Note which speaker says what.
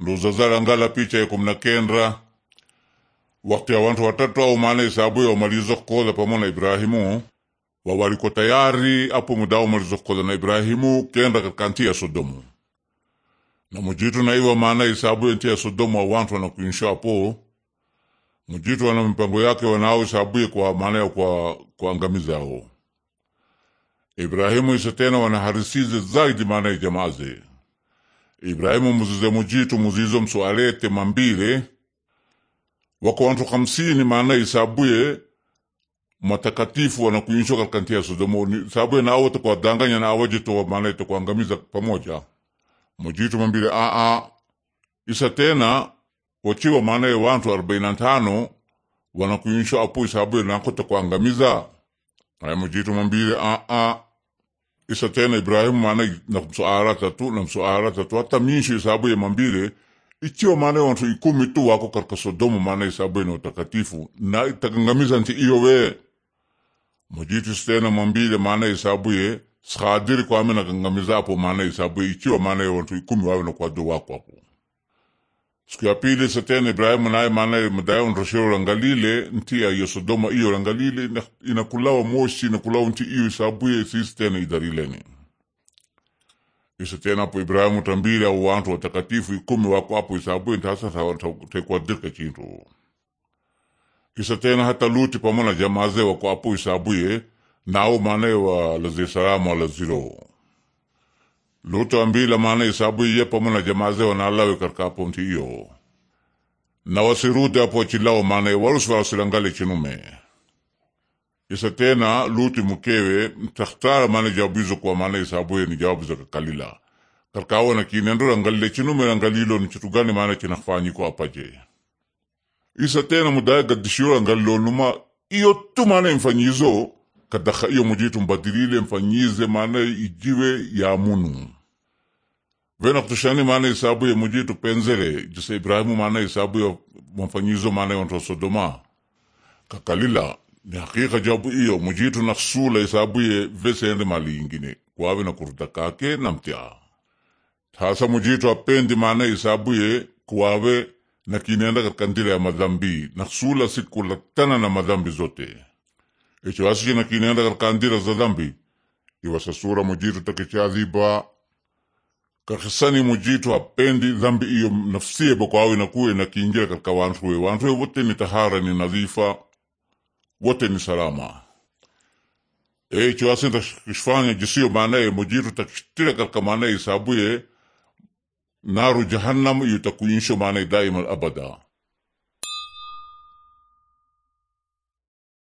Speaker 1: nduzazala ngala picha kendra wakati ya wantu watatu au maana isabu ya umalizo kukoza pamo na Ibrahimu wawaliko tayari apo muda umalizo kukoza na Ibrahimu kenda katika nti ya Sodomu na mujitu na iwa maana isabu ya nti ya Sodomu wa wantu wanakuinsha apo mujitu wana mipango yake wanao isabu kwa maana ya kwa kuangamiza hao Ibrahimu isa tena wanaharisize zaidi maana ya jamaa Ibrahimu muzize mujitu muzizo mswalete mambile wako wantu hamsini maana isabuye matakatifu wanakuinshwa katika ntia ya danganya na nawo tukwadanganya wa maana itakuangamiza pamoja mujitu mambile a isa tena wachiwa maanaye wantu 45 na tano wanakuinshwa na isabuye nako takuangamiza mujitu mambile a isa tena Ibrahimu maana na msuara tatu na msuara tatu hata minshi isabu ya mambile ichiwa maana wantu ikumi tu wako katika Sodomu maana isabu na utakatifu na itakangamiza nti iyo we mujitu stena mambile maana isabu ye skadiri kwa na kangamiza hapo maana isabu ichiwa maana wantu ikumi wawe na kwado wako hapo siku ya pili satena Ibrahimu naye maana madaya onroshere la Galile ntia Sodoma iyo la inakulawa moshi inakulawa nti iyo isabuye sisi tena idarileni isa apo hapo Ibrahimu tambili au wantu watakatifu ikumi wako hapo isabuye ntasa takuadhirika chintu isa hata Luti pamona na wako hapo isabuye nao salamu walazisalamu walaziro luto ambila maana isabu iye pamoja na jamaa zao na Allawe katika ponti iyo na wasirude hapo chilao maana warusi wasilangale chinume isa tena luti mukewe mtakhtara maana jawabu hizo kwa maana isabu ye ni jawabu za kalila katika wana kinendo angalile chinume na angalilo ni kitu gani maana chinafanyi kwa apaje isa tena mudaya gadishio angalilo numa iyo tu maana imfanyizo kadaka iyo mujitu mbadilile mfanyize maana ijiwe ya munu vena kutushani maana isabu ya mujitu penzele jise Ibrahimu maana isabu ya mfanyizo maana onto Sodoma kakalila ni hakika jabu iyo mujitu na kusula isabu ya vese vesende mali ingine kwawe na kuruta kake na mtia tasa mujitu apendi maana isabu ya kwawe na kinenda katika ndila ya madhambi na kusula siku latana na madhambi zote echo asije na kinenda katika ndira za dhambi iwasasura mujitu takichadhiba kakisani mujitu apendi dhambi iyo nafsie bokwawe nakuwe kiingira katika wantuwe wantuwe wote ni tahara ni nadhifa wote ni salama echo echowasina takishfanya jisiyo maanaye mujitu takishtira katika maanaye isabuye naru jahannam iyo takuinsho maanaye daima abada